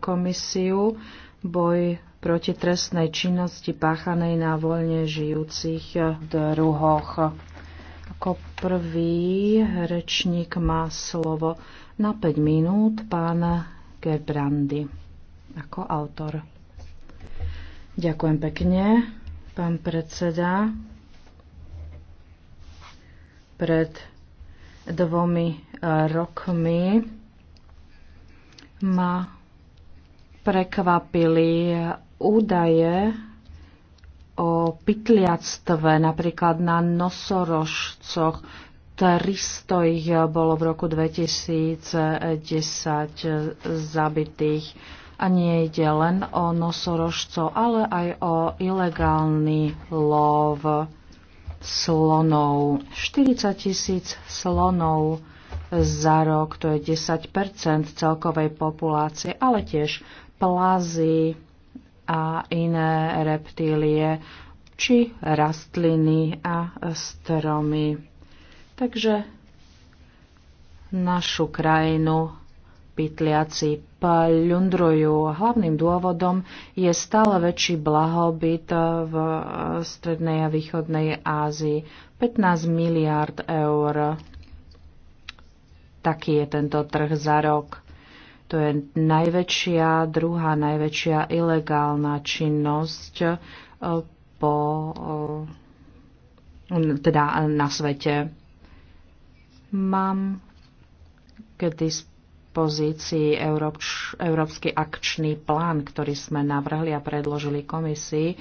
komisiu boj proti trestnej činnosti páchanej na voľne žijúcich druhoch. Ako prvý rečník má slovo na 5 minút pán Gerbrandy ako autor. Ďakujem pekne, pán predseda. Pred dvomi rokmi ma prekvapili údaje o pytliactve, napríklad na nosorožcoch. 300 ich bolo v roku 2010 zabitých. A nie ide len o nosorožcov, ale aj o ilegálny lov slonov. 40 tisíc slonov za rok, to je 10 celkovej populácie, ale tiež plazy a iné reptílie, či rastliny a stromy. Takže našu krajinu pytliaci plundrujú. Hlavným dôvodom je stále väčší blahobyt v strednej a východnej Ázii. 15 miliard eur. Taký je tento trh za rok. To je najväčšia, druhá najväčšia ilegálna činnosť e, po, e, teda na svete. Mám k dispozícii Európsky akčný plán, ktorý sme navrhli a predložili komisii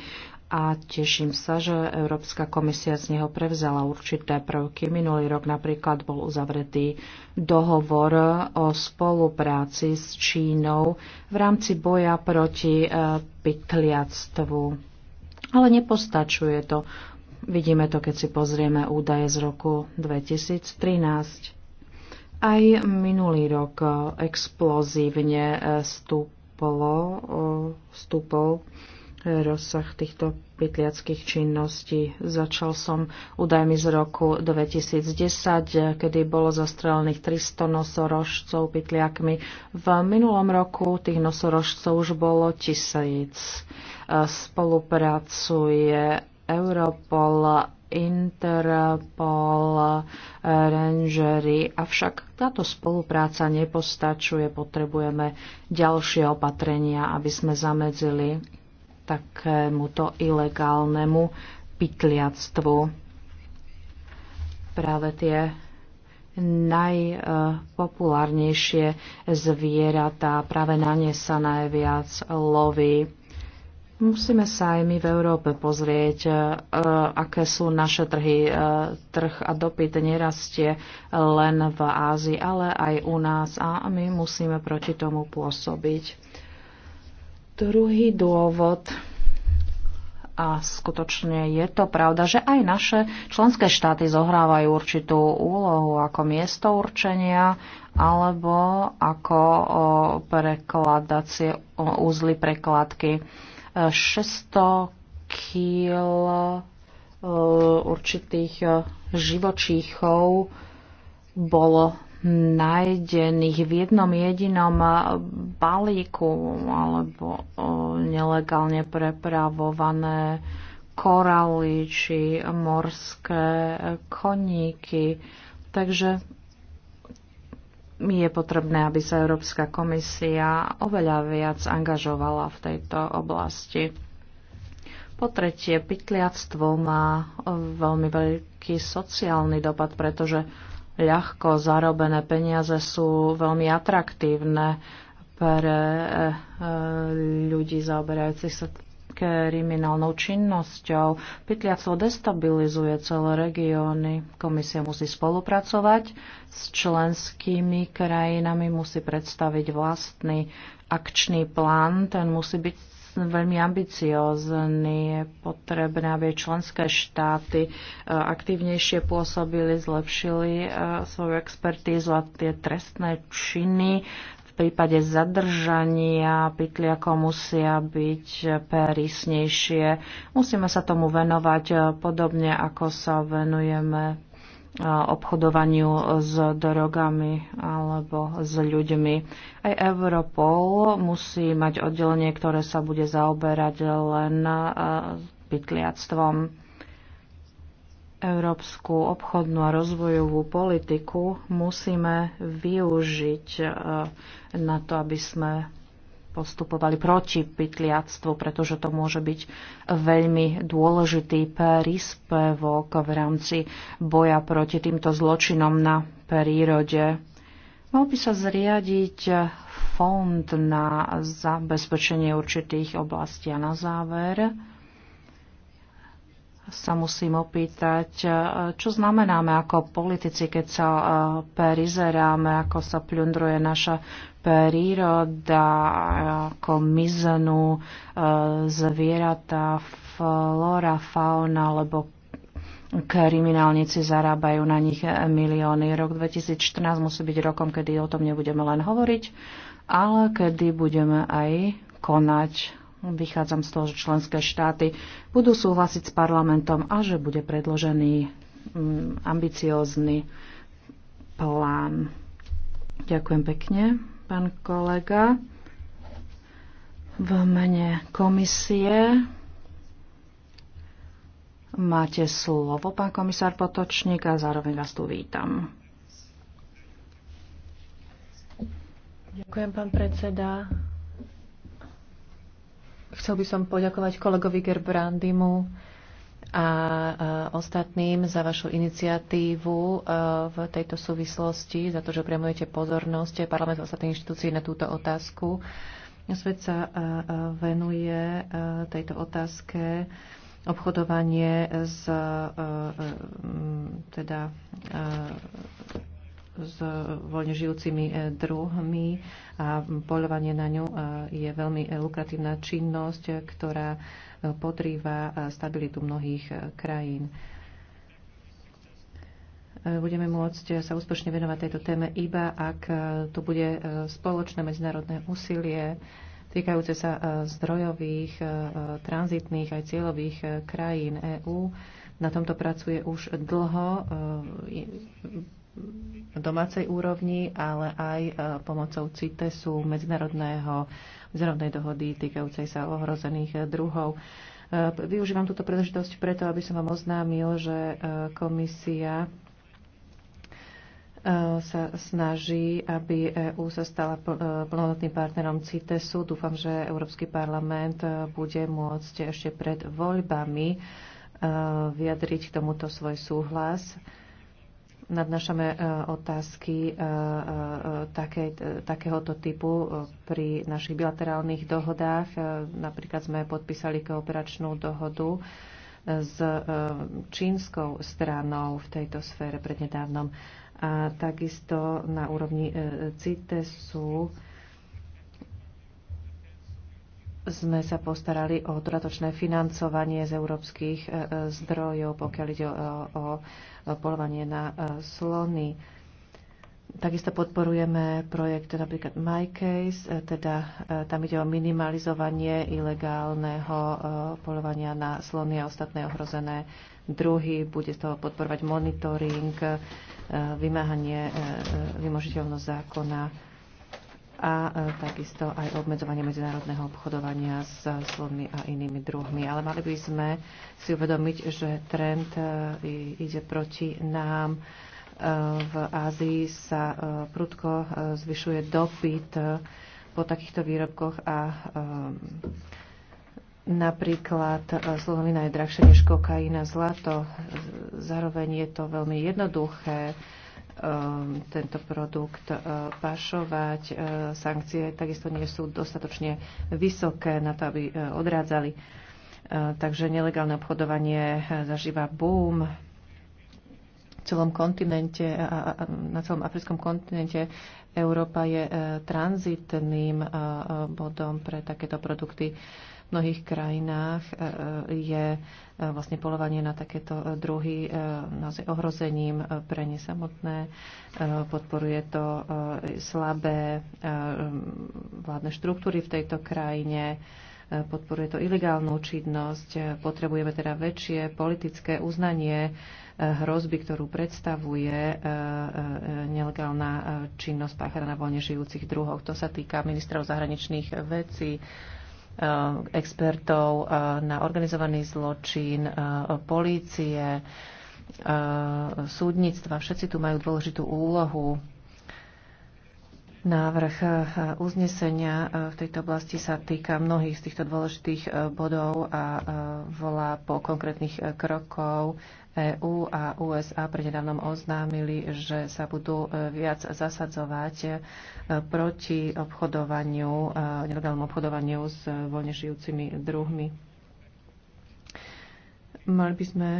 a teším sa, že Európska komisia z neho prevzala určité prvky. Minulý rok napríklad bol uzavretý dohovor o spolupráci s Čínou v rámci boja proti e, pytliactvu. Ale nepostačuje to. Vidíme to, keď si pozrieme údaje z roku 2013. Aj minulý rok e, explozívne e, stúplo, stúpol rozsah týchto pytliackých činností. Začal som údajmi z roku 2010, kedy bolo zastrelených 300 nosorožcov pytliakmi. V minulom roku tých nosorožcov už bolo tisíc. Spolupracuje Europol, Interpol, Rangery, avšak táto spolupráca nepostačuje, potrebujeme ďalšie opatrenia, aby sme zamedzili takémuto ilegálnemu pytliactvu. Práve tie najpopulárnejšie zvieratá, práve na ne sa najviac loví. Musíme sa aj my v Európe pozrieť, e, aké sú naše trhy. E, trh a dopyt nerastie len v Ázii, ale aj u nás a my musíme proti tomu pôsobiť. Druhý dôvod a skutočne je to pravda, že aj naše členské štáty zohrávajú určitú úlohu ako miesto určenia alebo ako prekladacie úzly prekladky. 600 kg určitých živočíchov bolo nájdených v jednom jedinom eh, balíku alebo eh, nelegálne prepravované koraly či morské eh, koníky. Takže je potrebné, aby sa Európska komisia oveľa viac angažovala v tejto oblasti. Po tretie, pytliactvo má veľmi veľký sociálny dopad, pretože ľahko zarobené peniaze sú veľmi atraktívne pre eh, ľudí zaoberajúcich sa kriminálnou činnosťou. Pytliactvo destabilizuje celé regióny. Komisia musí spolupracovať s členskými krajinami, musí predstaviť vlastný akčný plán, ten musí byť veľmi ambiciózny. Je potrebné, aby členské štáty e, aktívnejšie pôsobili, zlepšili e, svoju expertízu a tie trestné činy v prípade zadržania pytliako musia byť prísnejšie. Musíme sa tomu venovať e, podobne, ako sa venujeme obchodovaniu s drogami alebo s ľuďmi. Aj Europol musí mať oddelenie, ktoré sa bude zaoberať len pytliactvom. Európsku obchodnú a rozvojovú politiku musíme využiť na to, aby sme postupovali proti pytliactvu, pretože to môže byť veľmi dôležitý príspevok v rámci boja proti týmto zločinom na prírode. Mal by sa zriadiť fond na zabezpečenie určitých oblastí. A na záver sa musím opýtať, čo znamenáme ako politici, keď sa eh, perizeráme, ako sa plundruje naša príroda, ako miznú e, zvieratá, flora, fauna alebo kriminálnici zarábajú na nich milióny. Rok 2014 musí byť rokom, kedy o tom nebudeme len hovoriť, ale kedy budeme aj konať. Vychádzam z toho, že členské štáty budú súhlasiť s parlamentom a že bude predložený mm, ambiciózny plán. Ďakujem pekne pán kolega. V mene komisie máte slovo, pán komisár Potočník, a zároveň vás tu vítam. Ďakujem, pán predseda. Chcel by som poďakovať kolegovi Gerbrandimu a ostatným za vašu iniciatívu e, v tejto súvislosti, za to, že priamujete pozornosť parlamentu ostatných inštitúcií na túto otázku. Svet sa e, e, venuje tejto otázke obchodovanie s teda s voľne žijúcimi e, druhmi a poľovanie na ňu e, je veľmi e, lukratívna činnosť, ktorá podrýva stabilitu mnohých krajín. Budeme môcť sa úspešne venovať tejto téme iba, ak tu bude spoločné medzinárodné úsilie týkajúce sa zdrojových, tranzitných aj cieľových krajín EÚ. Na tomto pracuje už dlho domácej úrovni, ale aj e, pomocou CITESu, medzinárodného, zrovnej dohody týkajúcej sa ohrozených druhov. E, využívam túto príležitosť preto, aby som vám oznámil, že e, komisia sa snaží, aby EÚ sa stala plnohodnotným partnerom CITESu. Dúfam, že Európsky parlament bude môcť ešte pred voľbami vyjadriť k tomuto svoj súhlas nadnášame e, otázky e, e, také, takéhoto typu pri našich bilaterálnych dohodách. Napríklad sme podpísali kooperačnú dohodu s čínskou stranou v tejto sfére prednedávnom. A takisto na úrovni CITESu sme sa postarali o dodatočné financovanie z európskych e, e, zdrojov, pokiaľ ide o polovanie na e, slony. Takisto podporujeme projekt napríklad MyCase, teda tam ide o minimalizovanie ilegálneho polovania na slony a ostatné ohrozené druhy. Bude z toho podporovať monitoring, vymáhanie, vymožiteľnosť zákona a e, takisto aj obmedzovanie medzinárodného obchodovania s e, slovmi a inými druhmi. Ale mali by sme si uvedomiť, že trend e, ide proti nám. V Ázii sa prudko zvyšuje dopyt po takýchto výrobkoch a Napríklad slovina je drahšie než kokaína, zlato. Zároveň je to veľmi jednoduché Um, tento produkt uh, pašovať. Uh, sankcie takisto nie sú dostatočne vysoké na to, aby uh, odrádzali. Takže nelegálne obchodovanie zažíva boom celom kontinente, na celom africkom kontinente Európa je tranzitným bodom pre takéto produkty mnohých krajinách e, e, je e, vlastne polovanie na takéto druhy naozaj ohrozením pre ne samotné. Podporuje to slabé vládne štruktúry v tejto krajine podporuje to ilegálnu činnosť. Potrebujeme teda väčšie politické uznanie hrozby, ktorú predstavuje nelegálna činnosť páchaná na voľne žijúcich druhoch. To sa týka ministrov zahraničných vecí, Eh, expertov eh, na organizovaný zločin, eh, polície, súdnictva. Všetci tu majú dôležitú úlohu Návrh eh, uznesenia eh, v tejto oblasti sa týka mnohých z týchto dôležitých eh, bodov a volá po konkrétnych krokov. EÚ a USA prednedávnom oznámili, že sa budú viac zasadzovať proti obchodovaniu, nelegálnemu obchodovaniu s voľne žijúcimi druhmi. Mali by sme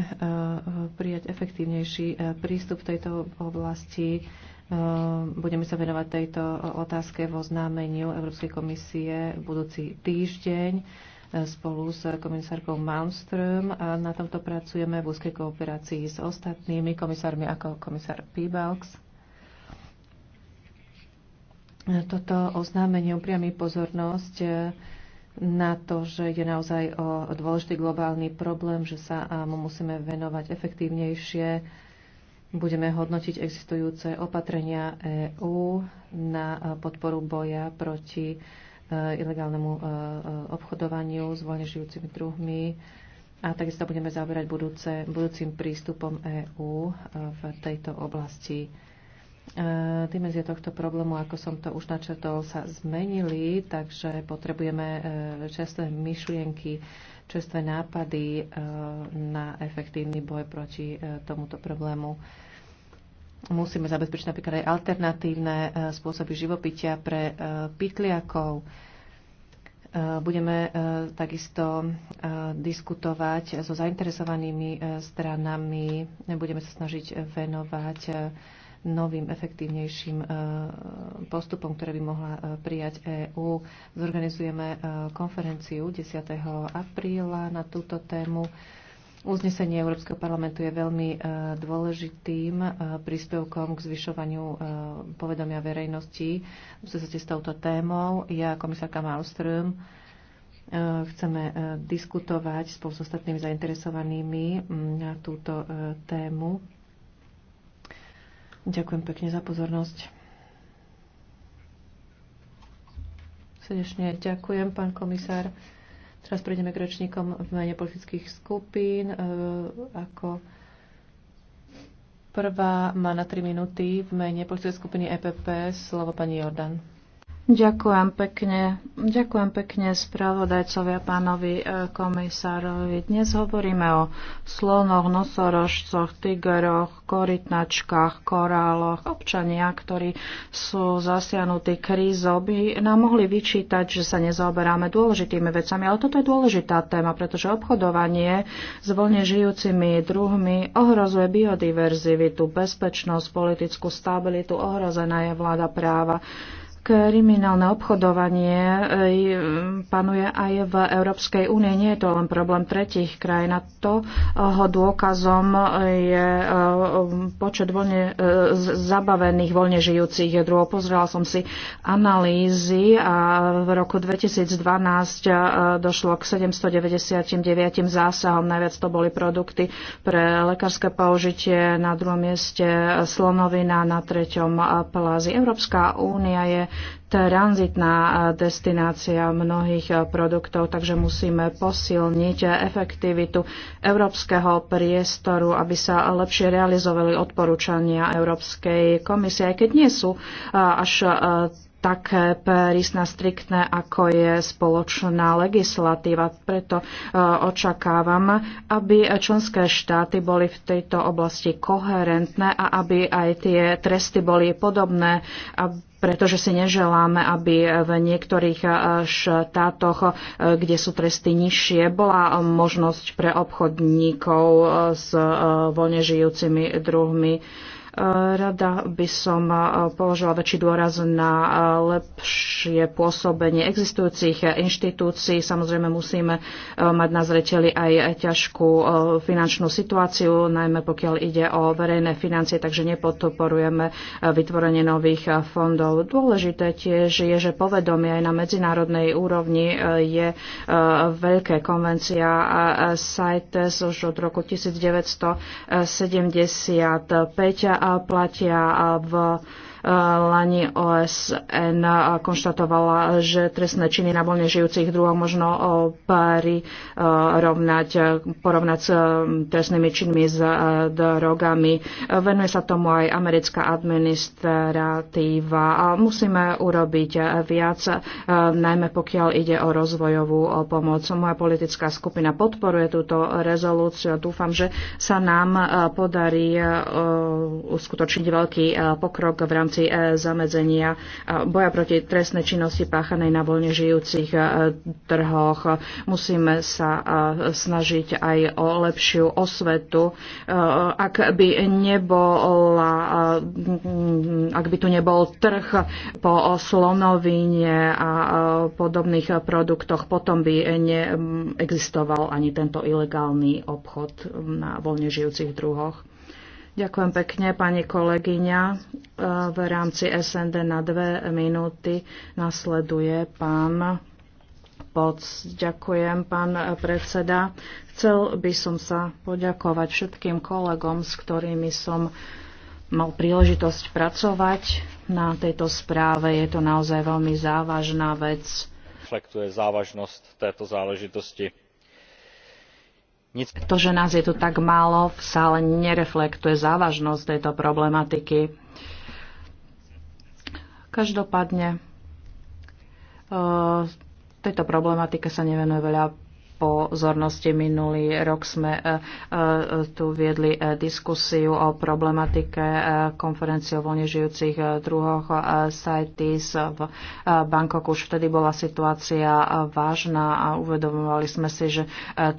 prijať efektívnejší prístup v tejto oblasti Ehm, budeme sa venovať tejto otázke vo známeniu Európskej komisie budúci týždeň e, spolu s komisárkou Malmström a na tomto pracujeme v úzkej kooperácii s ostatnými komisármi ako komisár Pibalks. Toto oznámenie upriami pozornosť e, na to, že je naozaj o dôležitý globálny problém, že sa mu musíme venovať efektívnejšie budeme hodnotiť existujúce opatrenia EÚ na e, podporu boja proti e, ilegálnemu e, obchodovaniu s voľne žijúcimi druhmi a takisto budeme zaoberať budúce, budúcim prístupom EÚ v tejto oblasti. Dimenzie tohto problému, ako som to už načetol, sa zmenili, takže potrebujeme čerstvé myšlienky, čerstvé nápady na efektívny boj proti e, tomuto problému. Musíme zabezpečiť napríklad aj alternatívne e, spôsoby živopitia pre e, pytliakov. Budeme takisto diskutovať so zainteresovanými stranami. Budeme sa snažiť venovať novým, efektívnejším postupom, ktoré by mohla prijať EÚ. Zorganizujeme konferenciu 10. apríla na túto tému. Uznesenie Európskeho parlamentu je veľmi e, dôležitým e, príspevkom k zvyšovaniu e, povedomia verejnosti v súvislosti s touto témou. Ja, komisárka Malström, chceme diskutovať spolu s ostatnými zainteresovanými na túto tému. Ďakujem pekne za pozornosť. Srdečne ďakujem, pán komisár. Teraz prejdeme k rečníkom v mene politických skupín. E, ako prvá má na 3 minúty v mene politickej skupiny EPP slovo pani Jordan. Ďakujem pekne. Ďakujem pekne spravodajcovia pánovi e, komisárovi. Dnes hovoríme o slonoch, nosorožcoch, tigeroch, korytnačkách, koráloch. Občania, ktorí sú zasiahnutí krízou, by nám mohli vyčítať, že sa nezaoberáme dôležitými vecami. Ale toto je dôležitá téma, pretože obchodovanie s voľne žijúcimi druhmi ohrozuje biodiverzivitu, bezpečnosť, politickú stabilitu, ohrozená je vláda práva. Kriminálne obchodovanie e, panuje aj v Európskej únie. Nie je to len problém tretich krajín. A toho e, dôkazom e, je počet voľne, zabavených voľne žijúcich druhov. Pozrela som si analýzy a v roku 2012 došlo k 799 zásahom. Najviac to boli produkty pre lekárske použitie, na druhom mieste slonovina, na treťom plázy. Európska únia je tranzitná e, destinácia mnohých e, produktov, takže musíme posilniť efektivitu európskeho priestoru, aby sa lepšie realizovali odporúčania Európskej komisie, aj keď nie sú e, až také prísna, striktné, ako je spoločná legislatíva. Preto očakávam, aby členské štáty boli v tejto oblasti koherentné a aby aj tie tresty boli podobné, aby pretože si neželáme, aby v niektorých eh, štátoch, eh, kde sú tresty nižšie, bola možnosť pre obchodníkov eh, s voľne žijúcimi druhmi Rada by som položila väčší dôraz na lepšie pôsobenie existujúcich inštitúcií. Samozrejme musíme mať na zreteli aj ťažkú finančnú situáciu, najmä pokiaľ ide o verejné financie, takže nepodporujeme vytvorenie nových fondov. Dôležité tiež je, že povedomie aj na medzinárodnej úrovni je veľké. Konvencia CITES už od roku 1975 platia v Lani OSN konštatovala, že trestné činy na voľne žijúcich druhov možno pári e, rovnať, porovnať s trestnými činmi s e, drogami. Venuje sa tomu aj americká administratíva a musíme urobiť viac, e, najmä pokiaľ ide o rozvojovú pomoc. Moja politická skupina podporuje túto rezolúciu a dúfam, že sa nám podarí uskutočniť veľký pokrok v rámci rámci e, zamedzenia e, boja proti trestnej činnosti páchanej na voľne žijúcich e, trhoch. Musíme sa snažiť aj o lepšiu osvetu. Ak by, nebola, ak by tu nebol trh po slonovine a podobných produktoch, potom by neexistoval ani tento ilegálny obchod na voľne žijúcich druhoch. Ďakujem pekne, pani kolegyňa. E, v rámci SND na dve minúty nasleduje pán Poc. Ďakujem, pán predseda. Chcel by som sa poďakovať všetkým kolegom, s ktorými som mal príležitosť pracovať na tejto správe. Je to naozaj veľmi závažná vec. Reflektuje závažnosť tejto záležitosti to, že nás je tu tak málo v sále, nereflektuje závažnosť tejto problematiky. Každopádne e, tejto problematike sa nevenuje veľa pozornosti. Minulý rok sme e, e, tu viedli e, diskusiu o problematike konferencie o voľne žijúcich druhoch CITES v Bankoku. Už vtedy bola situácia vážna a uvedomovali sme si, že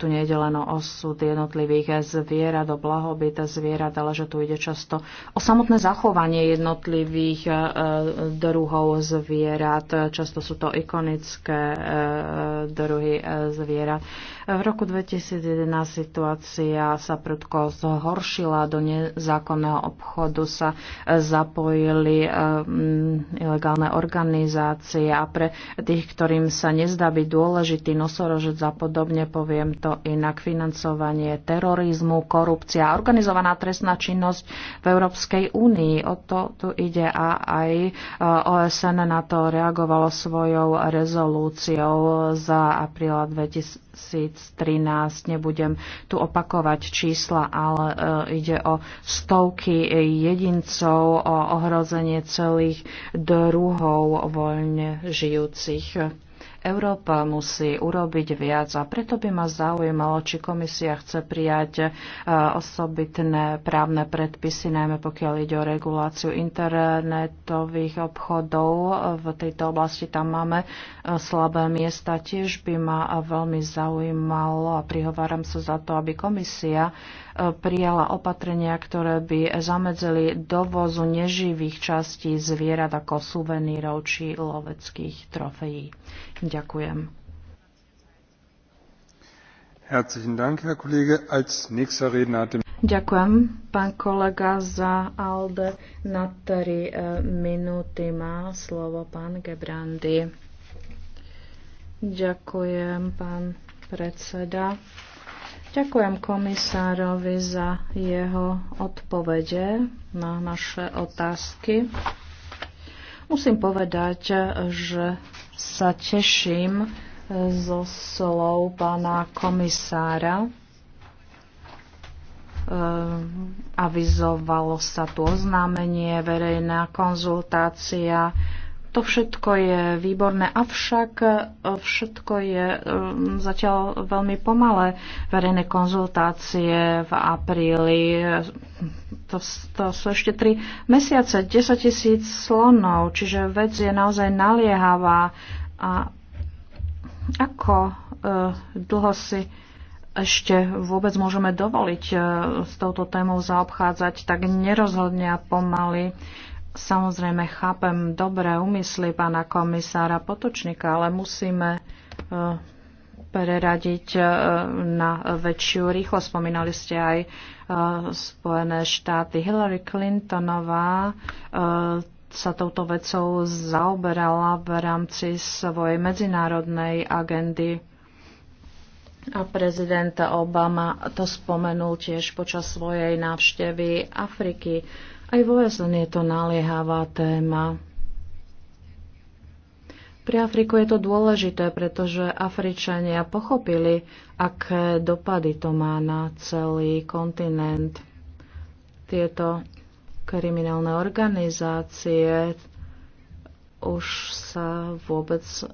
tu je len o osud jednotlivých zvierat, o blahobyt zvierat, ale že tu ide často o samotné zachovanie jednotlivých druhov zvierat. Často sú to ikonické druhy zvierat. V roku 2011 situácia sa prudko zhoršila, do nezákonného obchodu sa e, zapojili e, mm, ilegálne organizácie a pre tých, ktorým sa nezdá byť dôležitý nosorožec a podobne, poviem to inak, financovanie terorizmu, korupcia, organizovaná trestná činnosť v Európskej únii. O to tu ide a aj e, OSN na to reagovalo svojou rezolúciou za apríla 2000 2013. Nebudem tu opakovať čísla, ale e, ide o stovky jedincov, o ohrozenie celých druhov voľne žijúcich. Európa musí urobiť viac a preto by ma zaujímalo, či komisia chce prijať e, osobitné právne predpisy, najmä pokiaľ ide o reguláciu internetových obchodov. V tejto oblasti tam máme e, slabé miesta. Tiež by ma veľmi zaujímalo a prihováram sa za to, aby komisia prijala opatrenia, ktoré by zamedzili dovozu neživých častí zvierat ako suvenírov či loveckých trofejí. Ďakujem. Herzlichen Dank, Herr Kollege. Als nächster Redner hat Ďakujem, pán kolega, za ALDE. Na 3 e, minúty má slovo pán Gebrandy. Ďakujem, pán predseda. Ďakujem komisárovi za jeho odpovede na naše otázky. Musím povedať, že sa teším zo slov pána komisára. Ehm, avizovalo sa tu oznámenie, verejná konzultácia, to všetko je výborné, avšak e, všetko je e, zatiaľ veľmi pomalé. Verejné konzultácie v apríli, e, to, to sú ešte tri mesiace, 10 tisíc slonov, čiže vec je naozaj naliehavá. A ako dlho si ešte vôbec môžeme dovoliť s touto témou zaobchádzať tak nerozhodne a pomaly. Samozrejme, chápem dobré úmysly pána komisára Potočníka, ale musíme e, preradiť e, na väčšiu rýchlosť. Spomínali ste aj e, Spojené štáty. Hillary Clintonová sa touto vecou zaoberala v rámci svojej medzinárodnej agendy. A prezident Obama to spomenul tiež počas svojej návštevy Afriky. Aj vo OSN je to naliehavá téma. Pre Afriku je to dôležité, pretože Afričania pochopili, aké dopady to má na celý kontinent. Tieto kriminálne organizácie už sa vôbec eh,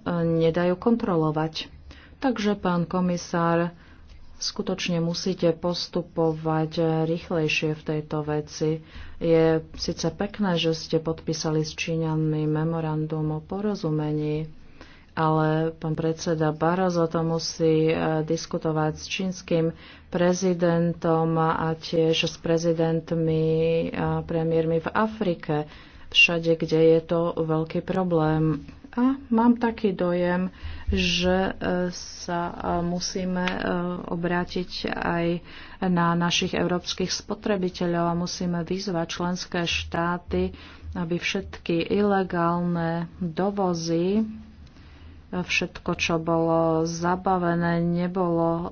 nedajú kontrolovať. Takže, pán komisár, skutočne musíte postupovať rýchlejšie v tejto veci. Je síce pekné, že ste podpísali s Číňanmi memorandum o porozumení, ale pán predseda Barozo to musí e, diskutovať s čínskym prezidentom a tiež s prezidentmi a premiérmi v Afrike, všade, kde je to veľký problém. A mám taký dojem, že e, sa e, musíme e, obrátiť aj na našich európskych spotrebiteľov a musíme vyzvať členské štáty, aby všetky ilegálne dovozy všetko, čo bolo zabavené, nebolo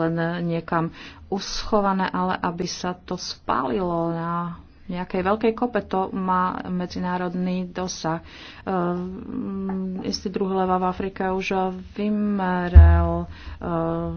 len niekam uschované, ale aby sa to spálilo na nejakej veľkej kope, to má medzinárodný dosah. E, istý druh leva v Afrike už vymerel uh,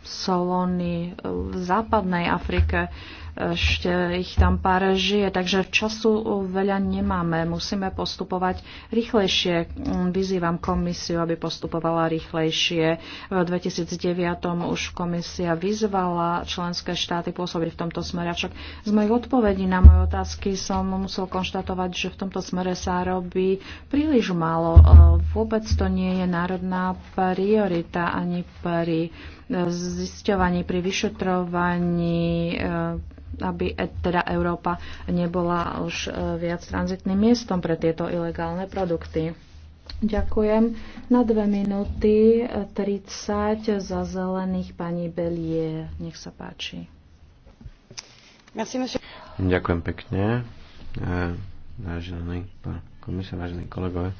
solony v západnej Afrike. Uh, ešte ich tam pár žije, takže času veľa nemáme. Musíme postupovať rýchlejšie. Mm, vyzývam komisiu, aby postupovala rýchlejšie. V 2009 už komisia vyzvala členské štáty pôsobiť v tomto smere, avšak z mojich odpovedí na moje otázky som musel konštatovať, že v tomto smere sa robí príliš málo. E, vôbec to nie je národná priorita ani pri e, zisťovaní, pri vyšetrovaní e, aby e- teda Európa nebola už e, viac tranzitným miestom pre tieto ilegálne produkty. Ďakujem. Na dve minúty 30 e, za zelených pani Belie. Nech sa páči. Ďakujem pekne. Vážený pán komisár, vážení kolegové,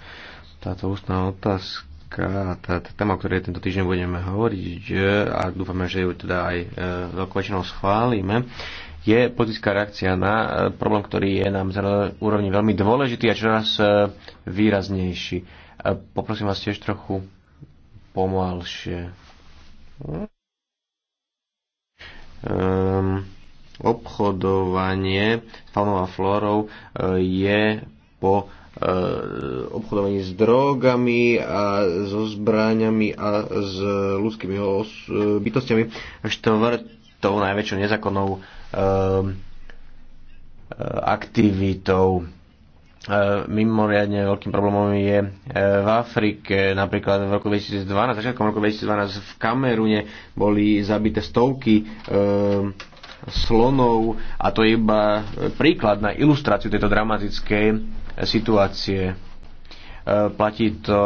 táto ústná otázka a tá, tá téma, o ktorej tento týždeň budeme hovoriť, že, a dúfame, že ju teda aj e, veľkou väčšinou schválime, je politická reakcia na eh, problém, ktorý je na z úrovni veľmi dôležitý a čoraz eh, výraznejší. Eh, poprosím vás tiež trochu pomalšie. Um, obchodovanie s palmovou flórou je po obchodovaní s drogami a so zbráňami a s ľudskými bytostiami štvrtou najväčšou nezákonnou Ehm, eh, aktivitou. Ehm, mimoriadne veľkým problémom je eh, v Afrike, napríklad v roku 2012, začiatkom roku 2012 v Kamerune boli zabité stovky ehm, slonov a to je iba eh, príklad na ilustráciu tejto dramatickej situácie. Platí to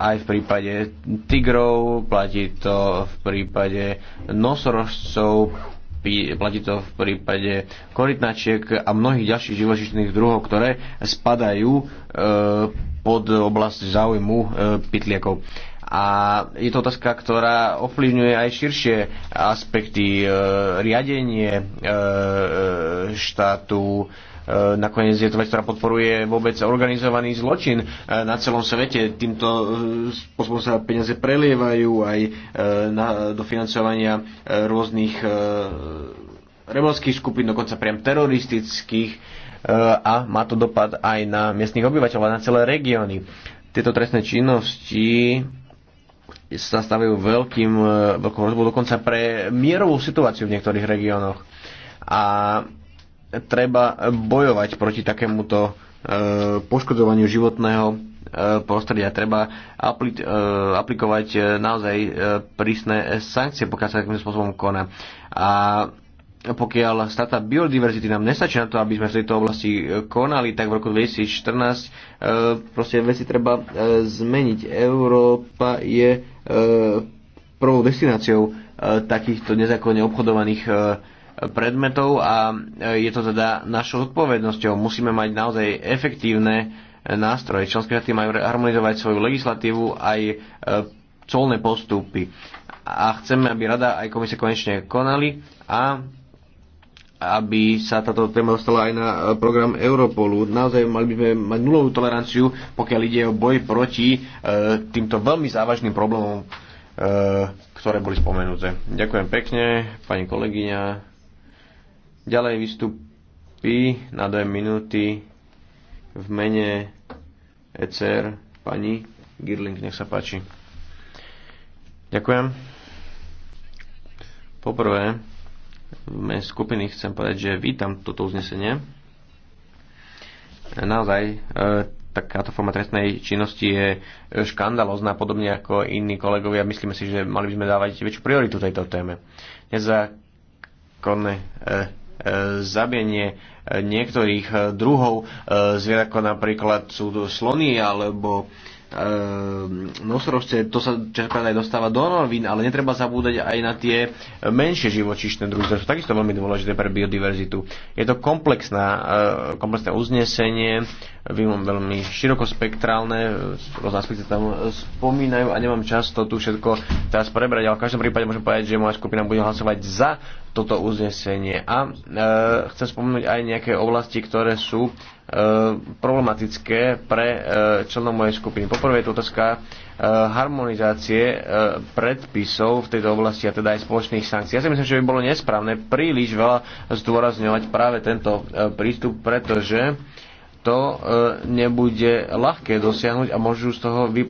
aj v prípade tigrov, platí to v prípade nosorožcov, platí to v prípade korytnačiek a mnohých ďalších živočišných druhov, ktoré spadajú e, pod oblasť záujmu e, pytliakov. A je to otázka, ktorá ovplyvňuje aj širšie aspekty e, riadenie e, e štátu, e, E, nakoniec je to vec, ktorá podporuje vôbec organizovaný zločin e, na celom svete. Týmto e, spôsobom sa peniaze prelievajú aj na, do financovania rôznych rebelských skupín, dokonca priam teroristických a má to dopad aj na miestnych obyvateľov a na celé regióny. Tieto trestné činnosti sa stavajú veľkým, veľkou hrozbou dokonca pre mierovú situáciu v niektorých regiónoch. A treba bojovať proti takémuto e, poškodzovaniu životného e, prostredia. Treba apli- e, aplikovať naozaj prísne sankcie, pokiaľ sa takým spôsobom koná. A pokiaľ strata biodiverzity nám nestačí na to, aby sme v tejto oblasti konali, tak v roku 2014 proste veci treba zmeniť. Európa je prvou destináciou takýchto nezákonne obchodovaných predmetov a e, je to teda našou odpovednosťou. Musíme mať naozaj efektívne e, nástroje. Členské štáty majú harmonizovať svoju legislatívu aj e, colné postupy. A chceme, aby Rada aj komisie konečne konali a aby sa táto téma dostala aj na program Europolu. Naozaj mali by sme mať nulovú toleranciu, pokiaľ ide o boj proti e, týmto veľmi závažným problémom, e, ktoré boli spomenuté. Ďakujem pekne, pani kolegyňa. Ďalej vystupí na dve minúty v mene ECR pani Girling, nech sa páči. Ďakujem. Poprvé, v mene skupiny chcem povedať, že vítam toto uznesenie. Naozaj, e, takáto forma trestnej činnosti je škandalozná, podobne ako iní kolegovia. Myslíme si, že mali by sme dávať väčšiu prioritu tejto téme. Nezákonné e, zabienie eh, niektorých eh, druhov eh, zvier, ako napríklad sú slony alebo nosorožce, to sa častokrát aj dostáva do novín, ale netreba zabúdať aj na tie menšie živočíšne druhy, ktoré sú takisto veľmi dôležité pre biodiverzitu. Je to komplexná, komplexné uznesenie, veľmi širokospektrálne, rôzne aspekty tam spomínajú a nemám často tu všetko teraz prebrať, ale v každom prípade môžem povedať, že moja skupina bude hlasovať za toto uznesenie. A e, chcem spomenúť aj nejaké oblasti, ktoré sú e, problematické pre e, členov mojej skupiny. Poprvé je to otázka e, harmonizácie e, predpisov v tejto oblasti a teda aj spoločných sankcií. Ja si myslím, že by bolo nesprávne príliš veľa zdôrazňovať práve tento e, prístup, pretože to e, nebude ľahké dosiahnuť a môžu z toho vyplývať